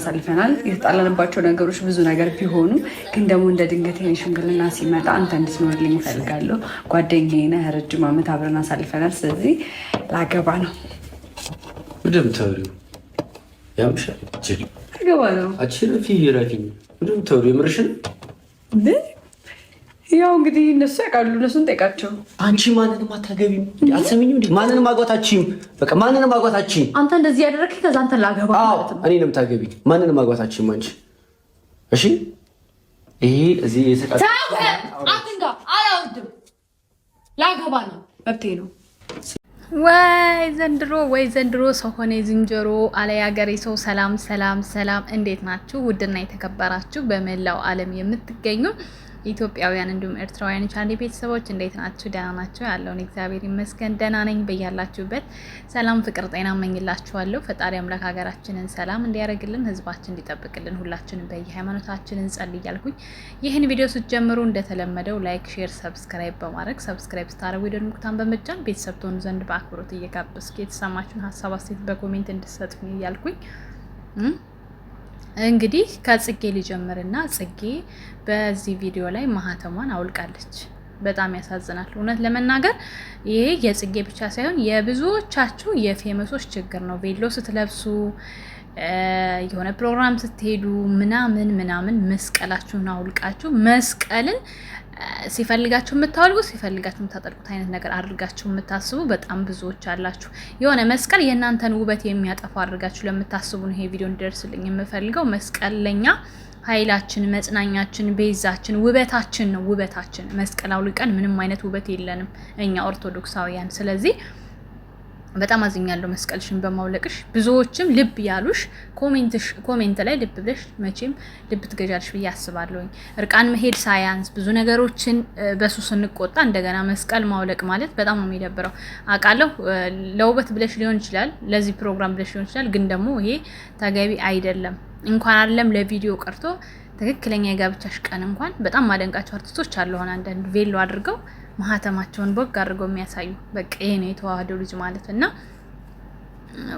አሳልፈናል። የተጣላንባቸው ነገሮች ብዙ ነገር ቢሆኑ ግን ደግሞ እንደ ድንገት ይሄን ሽምግልና ሲመጣ አንተ እንድትኖርልኝ እፈልጋለሁ። ጓደኛዬ ነህ፣ ረጅም ዓመት አብረን አሳልፈናል። ስለዚህ ላገባ ነው። ምንም ተወሪው ያምሻል። አገባ ነው። አችረፊ የምርሽን ያው እንግዲህ እነሱ ያውቃሉ። እነሱን ጠይቃቸው። አንቺ ማንንም አታገቢም፣ አትሰሚኝም? እንዲ ማንንም አጓታችም፣ በቃ ማንንም አጓታችም። አንተ እንደዚህ ያደረግ ከዛ አንተ ላገባ ነው ታገቢ። ማንንም አጓታችም አንቺ። እሺ ይሄ እዚህ የተቃ አትንጋ። አላወድም፣ ላገባ ነው፣ መብቴ ነው። ወይ ዘንድሮ ወይ ዘንድሮ ሰው ሆነ ዝንጀሮ አለ ያገሬ ሰው። ሰላም ሰላም ሰላም፣ እንዴት ናችሁ? ውድና የተከበራችሁ በመላው ዓለም የምትገኙ ኢትዮጵያውያን እንዲሁም ኤርትራውያን ቻንዴ ቤተሰቦች እንዴት ናችሁ? ደህና ናችሁ? ያለውን እግዚአብሔር ይመስገን ደህና ነኝ። በያላችሁበት ሰላም፣ ፍቅር፣ ጤና መኝላችኋለሁ። ፈጣሪ አምላክ ሀገራችንን ሰላም እንዲያደርግልን፣ ህዝባችን እንዲጠብቅልን ሁላችንም በየሃይማኖታችን እንጸልይ እያልኩኝ ይህን ቪዲዮ ስትጀምሩ እንደተለመደው ላይክ፣ ሼር፣ ሰብስክራይብ በማድረግ ሰብስክራይብ ስታደርጉ የደወል ምልክቱን በመጫን ቤተሰብ ትሆኑ ዘንድ በአክብሮት እየጋበዝኩ የተሰማችሁን ሀሳብ አስተያየት በኮሜንት እንድትሰጡኝ እያልኩኝ እንግዲህ ከጽጌ ሊጀምርና ጽጌ በዚህ ቪዲዮ ላይ ማህተሟን አውልቃለች። በጣም ያሳዝናል። እውነት ለመናገር ይሄ የጽጌ ብቻ ሳይሆን የብዙዎቻችሁ የፌመሶች ችግር ነው። ቬሎ ስትለብሱ የሆነ ፕሮግራም ስትሄዱ ምናምን ምናምን መስቀላችሁን አውልቃችሁ መስቀልን ሲፈልጋችሁ የምታወልጉ ሲፈልጋችሁ የምታጠልቁት አይነት ነገር አድርጋችሁ የምታስቡ በጣም ብዙዎች አላችሁ። የሆነ መስቀል የእናንተን ውበት የሚያጠፋ አድርጋችሁ ለምታስቡ ነው ይሄ ቪዲዮ እንዲደርስልኝ የምፈልገው። መስቀል ለኛ ኃይላችን፣ መጽናኛችን፣ ቤዛችን፣ ውበታችን ነው። ውበታችን መስቀል አውልቀን ምንም አይነት ውበት የለንም እኛ ኦርቶዶክሳውያን። ስለዚህ በጣም አዝኛለሁ መስቀልሽን በማውለቅሽ። ብዙዎችም ልብ ያሉሽ ኮሜንት ላይ ልብ ብለሽ መቼም ልብ ትገዣልሽ ብዬ አስባለሁኝ። እርቃን መሄድ ሳያንስ ብዙ ነገሮችን በሱ ስንቆጣ እንደገና መስቀል ማውለቅ ማለት በጣም ነው የሚደብረው። አውቃለሁ ለውበት ብለሽ ሊሆን ይችላል፣ ለዚህ ፕሮግራም ብለሽ ሊሆን ይችላል። ግን ደግሞ ይሄ ተገቢ አይደለም። እንኳን አይደለም ለቪዲዮ ቀርቶ ትክክለኛ የጋብቻሽ ቀን እንኳን በጣም ማደንቃቸው አርቲስቶች አለሆን አንዳንድ ቬሎ አድርገው ማህተማቸውን በግ አድርገው የሚያሳዩ በቃ ይሄ ነው የተዋህደው ልጅ ማለት እና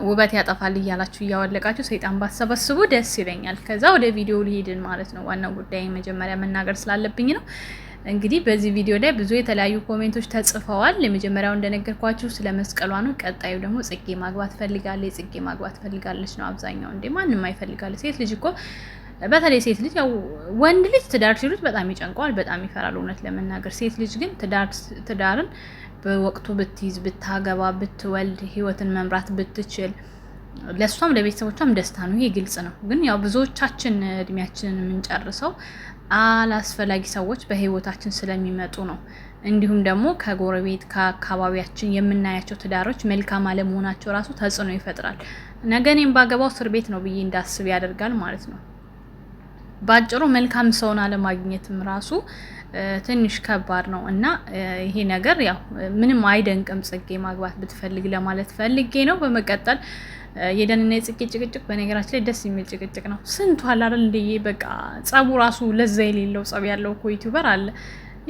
ውበት ያጠፋል እያላችሁ እያወለቃችሁ ሰይጣን ባሰበስቡ ደስ ይለኛል። ከዛ ወደ ቪዲዮ ሊሄድን ማለት ነው። ዋናው ጉዳይ መጀመሪያ መናገር ስላለብኝ ነው። እንግዲህ በዚህ ቪዲዮ ላይ ብዙ የተለያዩ ኮሜንቶች ተጽፈዋል። የመጀመሪያው እንደነገርኳችሁ ስለ መስቀሏ ነው። ቀጣዩ ደግሞ ጽጌ ማግባት ፈልጋለች፣ ጽጌ ማግባት ፈልጋለች ነው። አብዛኛው እንዴ ማንም አይፈልጋለች ሴት ልጅ እኮ በተለይ ሴት ልጅ ያው ወንድ ልጅ ትዳር ሲሉት በጣም ይጨንቀዋል፣ በጣም ይፈራል። እውነት ለመናገር ሴት ልጅ ግን ትዳርን በወቅቱ ብትይዝ፣ ብታገባ፣ ብትወልድ፣ ህይወትን መምራት ብትችል ለእሷም ለቤተሰቦቿም ደስታ ነው። ይሄ ግልጽ ነው። ግን ያው ብዙዎቻችን እድሜያችንን የምንጨርሰው አላስፈላጊ ሰዎች በህይወታችን ስለሚመጡ ነው። እንዲሁም ደግሞ ከጎረቤት ከአካባቢያችን የምናያቸው ትዳሮች መልካም አለመሆናቸው ራሱ ተጽዕኖ ይፈጥራል። ነገ እኔም ባገባው እስር ቤት ነው ብዬ እንዳስብ ያደርጋል ማለት ነው። በአጭሩ መልካም ሰውን አለማግኘትም ራሱ ትንሽ ከባድ ነው እና ይሄ ነገር ያው ምንም አይደንቅም። ጽጌ ማግባት ብትፈልግ ለማለት ፈልጌ ነው። በመቀጠል የደንና የጽጌ ጭቅጭቅ በነገራችን ላይ ደስ የሚል ጭቅጭቅ ነው። ስንቱ አላረል እንደ በቃ ጸቡ ራሱ ለዛ የሌለው ጸብ ያለው እኮ ዩቲዩበር አለ።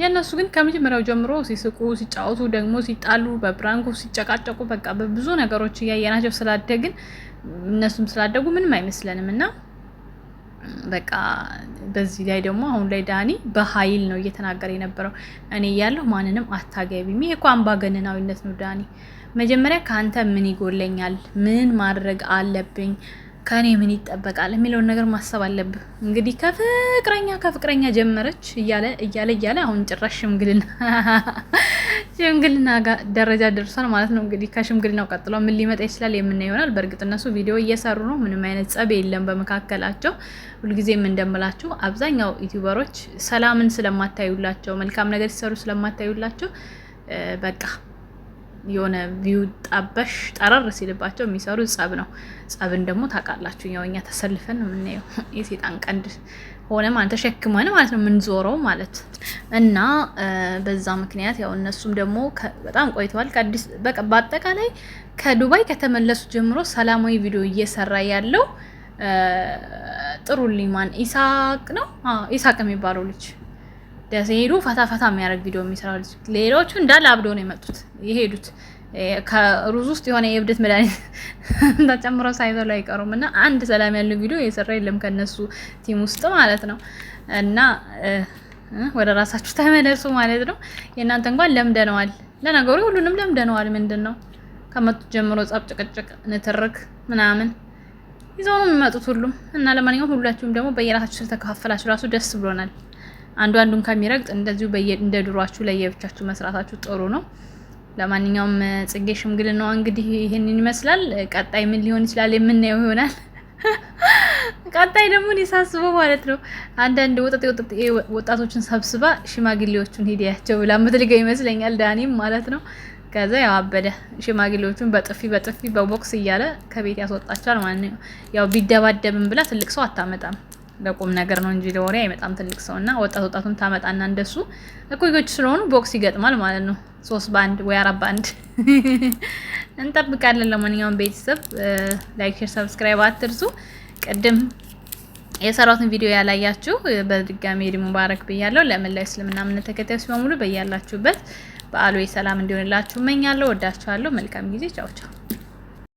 የእነሱ ግን ከመጀመሪያው ጀምሮ ሲስቁ፣ ሲጫወቱ፣ ደግሞ ሲጣሉ፣ በብራንኩ ሲጨቃጨቁ በቃ በብዙ ነገሮች እያየናቸው ስላደግን እነሱም ስላደጉ ምንም አይመስለንም እና በቃ በዚህ ላይ ደግሞ አሁን ላይ ዳኒ በኃይል ነው እየተናገረ የነበረው። እኔ እያለሁ ማንንም አታገቢም። ይሄ እኮ አምባገነናዊነት ነው ዳኒ። መጀመሪያ ከአንተ ምን ይጎለኛል፣ ምን ማድረግ አለብኝ፣ ከእኔ ምን ይጠበቃል የሚለውን ነገር ማሰብ አለብህ። እንግዲህ ከፍቅረኛ ከፍቅረኛ ጀመረች እያለ እያለ እያለ አሁን ጭራሽ ሽምግልና ሽምግልና ደረጃ ደርሷል ማለት ነው። እንግዲህ ከሽምግልናው ቀጥሎ ምን ሊመጣ ይችላል የምናየው ይሆናል። በእርግጥ እነሱ ቪዲዮ እየሰሩ ነው። ምንም አይነት ጸብ የለም በመካከላቸው። ሁልጊዜም እንደምላችሁ አብዛኛው ዩቲዩበሮች ሰላምን ስለማታዩላቸው፣ መልካም ነገር ሲሰሩ ስለማታዩላቸው በቃ የሆነ ቪው ጣበሽ ጠረር ሲልባቸው የሚሰሩ ጸብ ነው። ጸብን ደግሞ ታውቃላችሁ፣ ያው እኛ ተሰልፈን የምናየው የሴጣን ቀንድ ሆነ ማለት ተሸክመን ማለት ነው የምንዞረው ማለት እና በዛ ምክንያት ያው እነሱም ደግሞ በጣም ቆይተዋል። ከአዲስ በአጠቃላይ ከዱባይ ከተመለሱ ጀምሮ ሰላማዊ ቪዲዮ እየሰራ ያለው ጥሩልኝ ማን ኢሳቅ ነው ኢሳቅ የሚባለው ልጅ ሲሄዱ ፈታ ፈታ የሚያደርግ ቪዲዮ የሚሰራ ልጅ። ሌሎቹ እንዳለ አብዶ ነው የመጡት የሄዱት። ከሩዝ ውስጥ የሆነ የእብደት መድኃኒት እንዳጨምረው ሳይበሉ አይቀሩም። እና አንድ ሰላም ያለው ቪዲዮ የሰራ የለም ከነሱ ቲም ውስጥ ማለት ነው። እና ወደ ራሳችሁ ተመለሱ ማለት ነው። የእናንተ እንኳን ለምደነዋል። ለነገሩ ሁሉንም ለምደነዋል። ምንድን ነው ከመጡት ጀምሮ ጸብ፣ ጭቅጭቅ፣ ንትርክ ምናምን ይዘው ነው የሚመጡት ሁሉም። እና ለማንኛውም ሁላችሁም ደግሞ በየራሳችሁ ስለተከፋፈላችሁ ራሱ ደስ ብሎናል። አንዱ አንዱን ከሚረግጥ እንደዚሁ እንደ ድሯችሁ ለየብቻችሁ መስራታችሁ ጥሩ ነው። ለማንኛውም ጽጌ ሽምግልናዋ እንግዲህ ይህንን ይመስላል። ቀጣይ ምን ሊሆን ይችላል የምናየው ይሆናል። ቀጣይ ደግሞ እኔ ሳስበው ማለት ነው አንዳንድ ወጣቶችን ሰብስባ ሽማግሌዎቹን ሂዲያቸው ብላ ምትልገው ይመስለኛል፣ ዳኒም ማለት ነው። ከዛ ያው አበደ ሽማግሌዎቹን በጥፊ በጥፊ በቦክስ እያለ ከቤት ያስወጣቸዋል ማለት ነው። ያው ቢደባደብም ብላ ትልቅ ሰው አታመጣም። ለቁም ነገር ነው እንጂ ለወሬ አይመጣም። ትልቅ ሰው እና ወጣት ወጣቱን ታመጣና እንደሱ እኩዮች ስለሆኑ ቦክስ ይገጥማል ማለት ነው። ሶስት በአንድ ወይ አራት በአንድ እንጠብቃለን። ለማንኛውም ቤተሰብ ላይክ፣ ሼር፣ ሰብስክራይብ አትርሱ። ቅድም የሰራሁትን ቪዲዮ ያላያችሁ በድጋሚ ዒድ ሙባረክ ብያለሁ። ለመላው እስልምና እምነት ተከታዮች በሙሉ በያላችሁበት በዓሉ የሰላም እንዲሆንላችሁ እመኛለሁ። ወዳችኋለሁ። መልካም ጊዜ። ቻው ቻው።